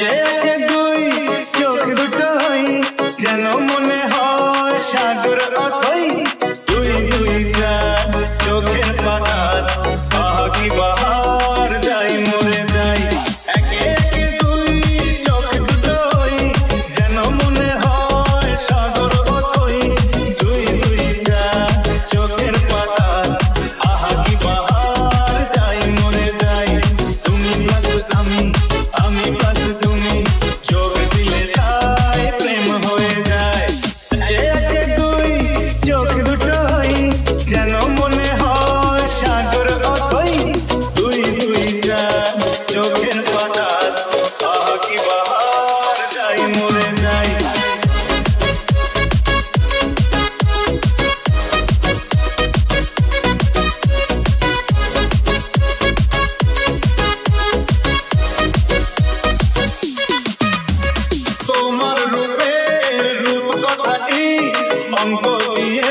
yeah. Uncle Pierre.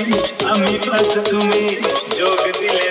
तुम्हें जोग दिले